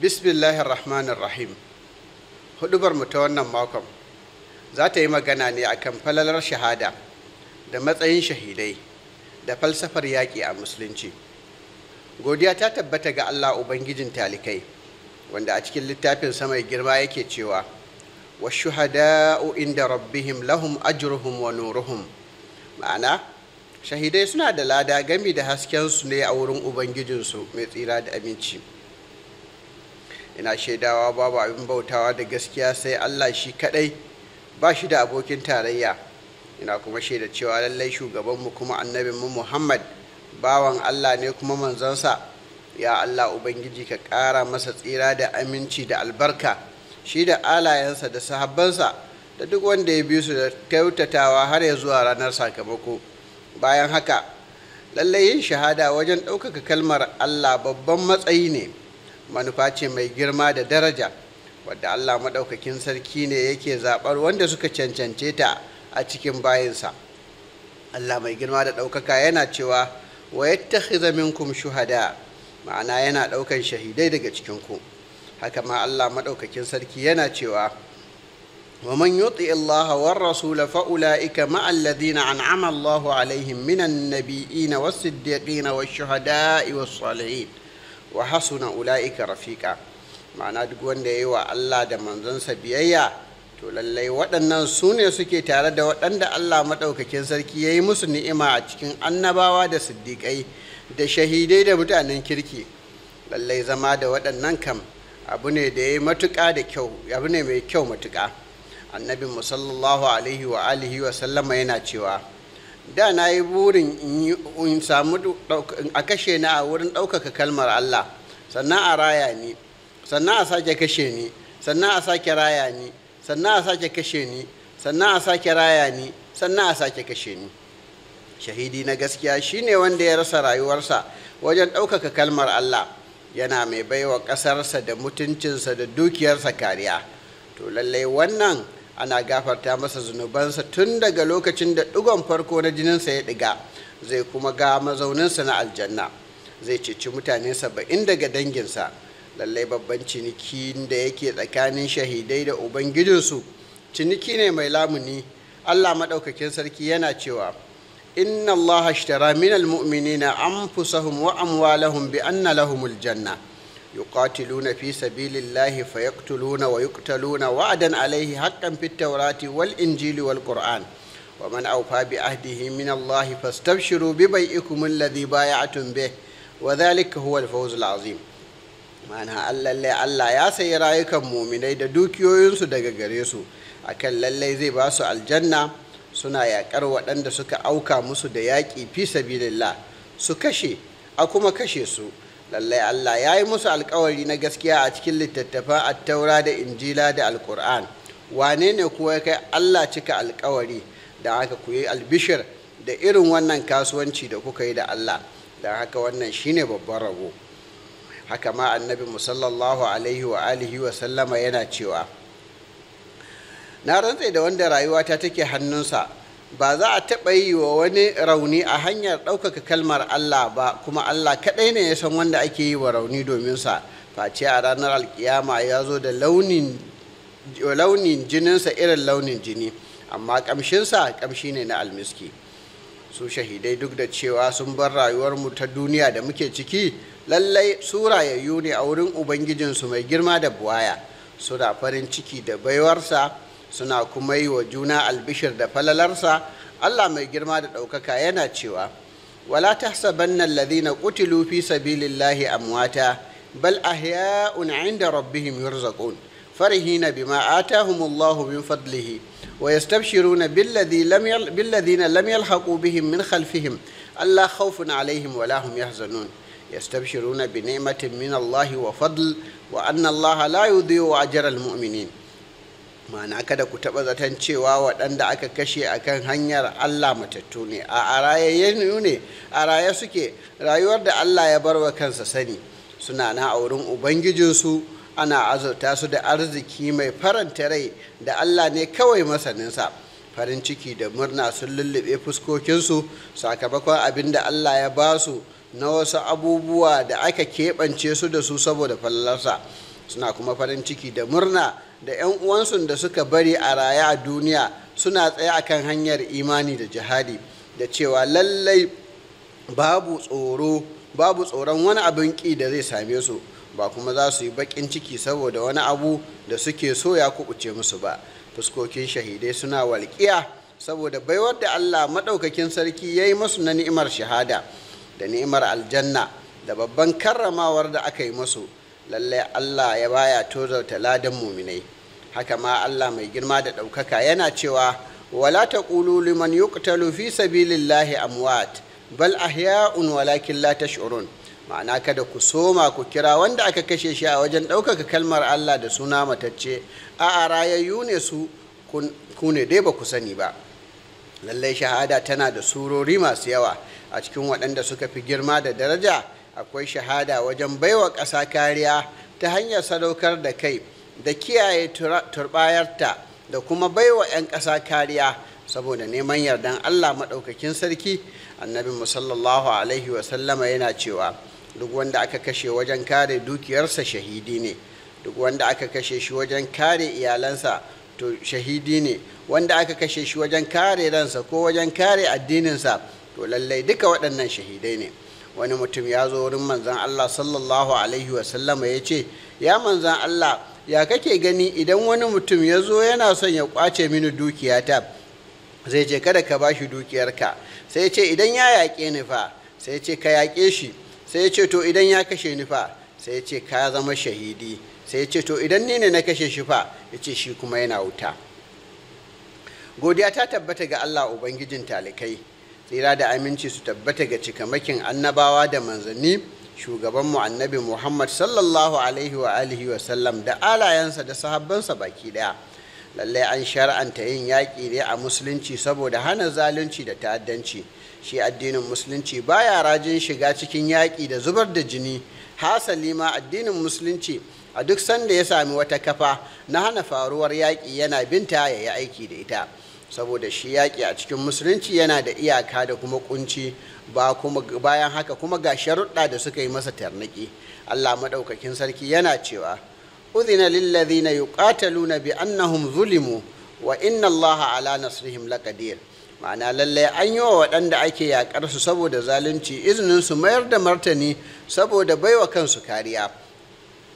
bismillahir rahmanir rahim hudubar mu ta wannan makon za ta yi magana ne akan falalar shahada da matsayin shahidai da falsafar yaki a musulunci godiya ta tabbata ga allah ubangijin talikai wanda a cikin littafin mai girma yake cewa washuhada'u inda rabbihim lahum ajruhum wa nuruhum ma'ana shahidai suna da lada gami da hasken su ne a wurin ubangijinsu mai tsira da aminci ina shaidawa babu abin bautawa da gaskiya sai Allah shi kadai ba shi da abokin tarayya ina kuma shaida cewa lallai shugabanmu kuma annabin mu Muhammad bawan Allah ne kuma manzansa ya Allah ubangiji ka ƙara masa tsira da aminci da albarka shi da alayensa da sahabbansa da duk wanda ya bi su da kyautatawa har ya zuwa ranar sakamako bayan haka lallai yin shahada wajen ɗaukaka kalmar Allah babban matsayi ne manufa ce mai girma da daraja wadda allah maɗaukakin sarki ne yake zaɓar wanda suka cancance ta a cikin bayansa allah mai girma da ɗaukaka yana cewa wa yattakhidha minkum shuhada ma'ana yana ɗaukan shahidai daga cikinku haka ma allah maɗaukakin sarki yana cewa wa man yuti Allah war rasula fa ulaika ma'a alladhina an'ama alaihim minan nabiyina was siddiqina wash shuhada'i was salihin wa hasuna ula'ika rafiƙa ma'ana duk wanda ya yi wa Allah da manzansa biyayya to lallai waɗannan su ne suke tare da waɗanda Allah maɗaukakin sarki ya yi musu ni'ima a cikin annabawa da siddiƙai da shahidai da mutanen kirki lallai zama da waɗannan kam abu ne da ya yi matuƙa da kyau abu ne mai kyau matuƙa annabi musallallahu alaihi wa alihi wa sallama yana cewa da na yi burin in samu a kashe ni a wurin ɗaukaka kalmar Allah sannan a raya ni sannan a sake kashe ni sannan a sake raya ni sannan a sake kashe ni sannan a sake raya ni sannan a sake kashe ni shahidi na gaskiya shine wanda ya rasa rayuwarsa wajen ɗaukaka kalmar Allah yana mai baiwa ƙasarsa da mutuncinsa da dukiyarsa kariya to lallai wannan ana gafarta masa zunubansa tun daga lokacin da ɗigon farko na jininsa ya ɗiga zai kuma ga mazauninsa na aljanna zai ceci mutane saba'in daga danginsa lallai babban ciniki da yake tsakanin shahidai da ubangijinsu ciniki ne mai lamuni allah maɗaukakin sarki yana cewa inna allah ashtara min almu'minina anfusahum wa amwalahum bi anna lahumul janna يقاتلون في سبيل الله فيقتلون ويقتلون وعدا عليه حقا في التوراة والإنجيل والقرآن ومن أوفى بعهده من الله فاستبشروا ببيئكم الذي بايعتم به وذلك هو الفوز العظيم ma'ana Allah lallai Allah ya sayi rayukan muminai da dukiyoyinsu daga gare su akan lallai zai ba su aljanna suna yaƙar waɗanda suka auka musu da yaƙi fi sabilillah su kashe a kuma kashe su lallai Allah ya yi musu alkawari na gaskiya a cikin littattafan attaura da injila da alkur'an wane ne kuwa kai Allah cika alkawari da haka ku yi albishir da irin wannan kasuwanci da kuka yi da Allah da haka wannan shine babban rabo haka ma annabi musallallahu alaihi wa alihi wa sallama yana cewa na rantse da wanda rayuwata take hannunsa ba za a taɓa yi wa wani rauni a hanyar ɗaukaka kalmar Allah ba kuma Allah kaɗai ne ya san wanda ake yi wa rauni dominsa face a ranar alkiyama ya zo da launin jininsa irin launin jini amma ƙamshinsa ƙamshi ne na almiski su shahidai duk da cewa sun bar rayuwarmu ta duniya da muke ciki lallai su rayayyu ne a wurin ubangijinsu mai girma da buwaya suna farin ciki da baiwarsa suna kuma yi wa juna albishir da falalarsa Allah mai girma da ɗaukaka yana cewa wala tahsabanna alladhina qutilu fi sabilillahi amwata bal ahya'un 'inda rabbihim yurzaqun farihina bima atahumullahu min fadlihi wa yastabshiruna lam billadhina lam yalhaqu bihim min khalfihim alla khawfun 'alayhim wala hum yahzanun yastabshiruna bi ni'matin min Allah wa fadl wa anna Allah la yudhi'u ajra al-mu'minin ma'ana kada ku taɓa zaton cewa waɗanda aka kashe a kan hanyar allah matattu ne a rayayyanu ne a raye suke rayuwar da allah ya bar wa kansa sani suna na a wurin ubangijinsu ana azurta su da arziki mai faranta rai da allah ne kawai masaninsa farin ciki da murna sun lullube fuskokinsu sakamakon abin da allah ya ba su na wasu abubuwa da aka keɓance su da su saboda fallarsa suna kuma farin ciki da murna da 'yan uwansu da suka bari a raya a duniya suna tsaye akan hanyar imani da jihadi da cewa lallai babu tsoro babu tsoron wani abin ƙi da zai same su ba kuma za su yi baƙin ciki saboda wani abu da suke so ya kuɓuce musu ba fuskokin shahidai suna walƙiya saboda baiwar da allah maɗaukakin sarki ya yi masu na ni'imar shahada da ni'imar aljanna da babban karramawar da aka yi masu Lallai Allah ya baya tozarta ladan muminai haka ma Allah mai girma da ɗaukaka yana cewa wala taqulu liman yuqtalu fi sabilillahi amwat bal ahya'un walakin la tash'urun ma'ana kada ku soma ku kira wanda aka kashe shi a wajen ɗaukaka kalmar Allah da suna matacce a a rayayyu ne su ku ne dai ba ku sani ba lallai shahada tana da surori masu yawa a cikin waɗanda suka fi girma da daraja akwai shahada wajen baiwa ƙasa kariya ta hanyar sadaukar da kai da kiyaye turbayarta da kuma baiwa 'yan ƙasa kariya saboda neman yardan allah maɗaukakin sarki annabi musallallahu alaihi wasallama yana cewa duk wanda aka kashe wajen kare dukiyarsa shahidi ne duk wanda aka kashe shi wajen kare iyalansa to shahidi ne wanda aka kashe shi wajen kare ransa ko wajen kare addininsa to lallai duka waɗannan shahidai ne wani mutum ya zo wurin manzan Allah sallallahu alaihi wasallama ya ce ya manzan Allah ya kake gani idan wani mutum ya zo yana son ya kwace mini dukiyata zai ce kada ka bashi dukiyarka sai ce idan ya yaƙe ni fa sai ce ka yaƙe shi sai ce to idan ya kashe ni fa sai ce ka zama shahidi sai ce to idan ni ne na kashe shi fa ya ce shi kuma yana wuta godiya ta tabbata ga Allah ubangijin talikai tsira da aminci su tabbata ga cikamakin annabawa da manzanni shugabanmu annabi muhammad sallallahu alaihi wa alihi wa sallam da alayensa da sahabbansa baki daya lallai an shar'anta yin yaƙi ne a musulunci saboda hana zalunci da ta'addanci shi addinin musulunci baya rajin shiga cikin yaƙi da zubar da jini hasali ma addinin musulunci a duk sanda ya sami wata kafa na hana faruwar yaƙi yana binta ya yi aiki da ita saboda shi yaƙi a cikin musulunci yana da iyaka da kuma kunci ba kuma bayan haka kuma ga sharuɗa da suka yi masa tarnaki Allah maɗaukakin sarki yana cewa Udina lillazina na bi annahum zulimu wa inna Allaha ala nasrihim laqadir ma'ana lallai an yi wa waɗanda ake yaƙar su saboda zalunci izinin su mayar da martani saboda baiwa kansu kariya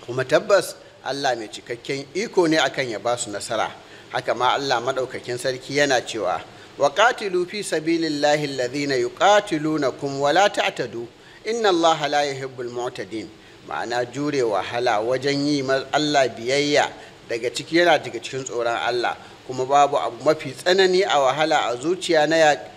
kuma tabbas Allah mai cikakken iko ne akan ya ba su nasara haka ma Allah madaukakin sarki yana cewa wa qatilu fi sabilillahi alladhina yuqatilunakum wa la ta'tadu inna Allah la yuhibbul mu'tadin ma'ana jure wahala wajen yi Allah biyayya daga ciki yana daga cikin tsoron Allah kuma babu abu mafi tsanani a wahala a zuciya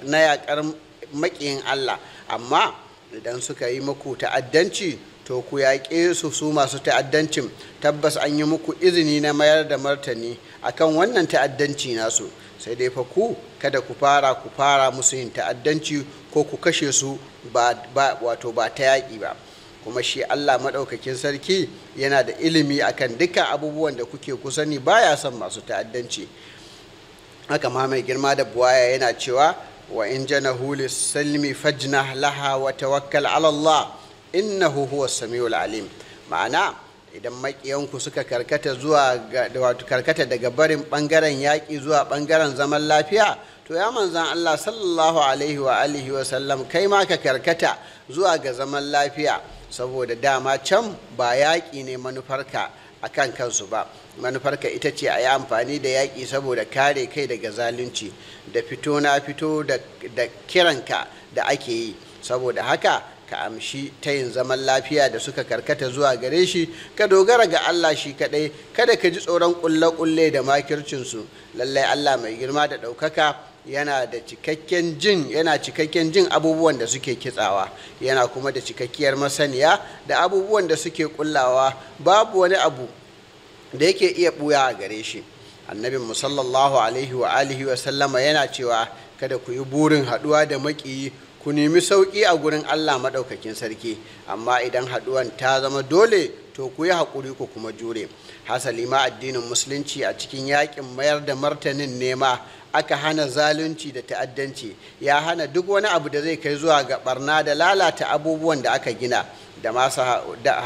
na yaƙar maƙiyin Allah amma idan suka yi muku ta'addanci to ku yaƙe su su masu ta'addancin tabbas an yi muku izini na mayar da martani akan wannan ta'addanci nasu sai dai fa ku kada ku fara ku fara musu yin ta'addanci ko ku kashe su ba wato ba ta yaƙi ba kuma shi Allah maɗaukakin sarki yana da ilimi akan duka abubuwan da kuke kusani baya son masu ta'addanci Aka ma mai girma da buwaya yana cewa wa in janahu lis salmi fajna laha wa tawakkal ala Allah innahu huwa samiul alim ma'ana idan makiyanku suka karkata zuwa wato karkata daga barin bangaren yaƙi zuwa bangaren zaman lafiya to ya manzan Allah sallallahu alaihi wa alihi wa sallam kai ma ka karkata zuwa ga zaman lafiya saboda dama can ba yaƙi ne manufarka a kan kansu ba manufarka ita ce a yi amfani da yaƙi saboda kare kai daga zalunci da fito na fito da kiranka da ake yi saboda haka ka amshi ta yin zaman lafiya da suka karkata zuwa gare shi ka dogara ga Allah shi kadai kada ka ji tsoron kulle-kulle da makircinsu lallai Allah mai girma da ɗaukaka yana da cikakken jin yana cikakken jin abubuwan da suke kitsawa yana kuma da cikakkiyar masaniya da abubuwan da suke kullawa babu wani abu da yake iya buya a gare shi annabin musallallahu alaihi wa alihi wa sallama yana cewa kada ku yi burin haɗuwa da maƙiyi ku nemi sauƙi a gurin Allah maɗaukakin sarki amma idan haɗuwan ta zama dole to ku yi haƙuri ku kuma jure hasali ma addinin musulunci a cikin yaƙin mayar da martanin nema aka hana zalunci da ta'addanci ya hana duk wani abu da zai kai zuwa ga barna da lalata abubuwan da aka gina da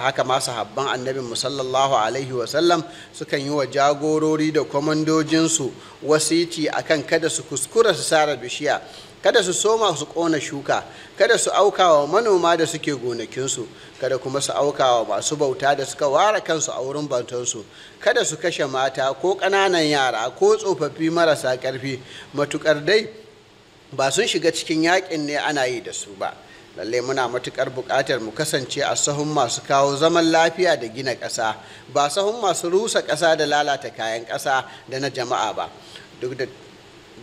haka masu habban annabin musallallahu alaihi wasallam sukan yi wa jagorori da kwamandojinsu wasici akan kada su kuskura su sara bishiya kada su soma su ƙona shuka kada su auka wa manoma da suke gonakinsu kada kuma su auka wa masu bauta da suka ware kansu a wurin bautansu kada su kashe mata ko ƙananan yara ko tsofaffi marasa ƙarfi matuƙar dai ba sun shiga cikin yaƙin ne ana yi da su ba lalle muna matuƙar buƙatar mu kasance a sahun masu kawo zaman lafiya da gina ƙasa ba sahun masu rusa ƙasa da lalata kayan ƙasa da na jama'a ba duk da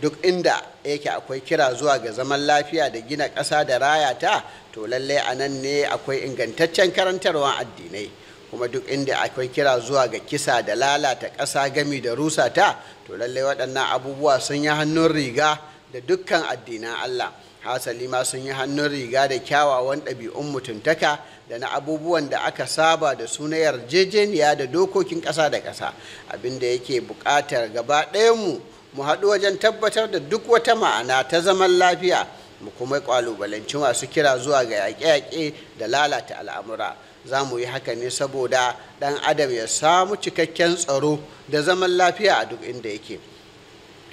duk inda yake akwai kira zuwa ga zaman lafiya da gina ƙasa da raya ta to lallai a nan ne akwai ingantaccen karantarwa addinai kuma duk inda akwai kira zuwa ga kisa da lalata ƙasa gami da rusa ta to lallai waɗannan abubuwa sun yi hannun riga da dukkan addinan Allah hasali ma sun yi hannun riga da kyawawan ɗabi'un mutuntaka da na abubuwan da aka saba da su na yarjejeniya da dokokin ƙasa da ƙasa abinda yake buƙatar gaba ɗayanmu mu mu haɗu wajen tabbatar da duk wata ma'ana ta zaman lafiya mu kuma ƙwalubalanci masu kira zuwa ga yaƙe-yaƙe da lalata al'amura za mu yi haka ne saboda ɗan adam ya samu cikakken tsaro da zaman lafiya a duk inda yake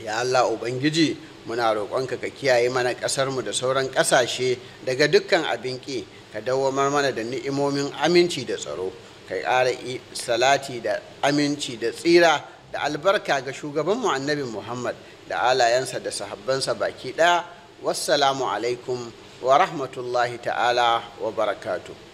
ya allah ubangiji muna roƙonka ka kiyaye mana ƙasarmu da sauran ƙasashe daga dukkan abin ƙi ka dawwamar mana da ni'imomin aminci da tsaro ka ƙara salati da aminci da tsira da albarka ga shugabanmu annabi muhammad da alayensa da sahabbansa baki ɗaya wassalamu alaikum wa rahmatullahi ta'ala wa barakatuh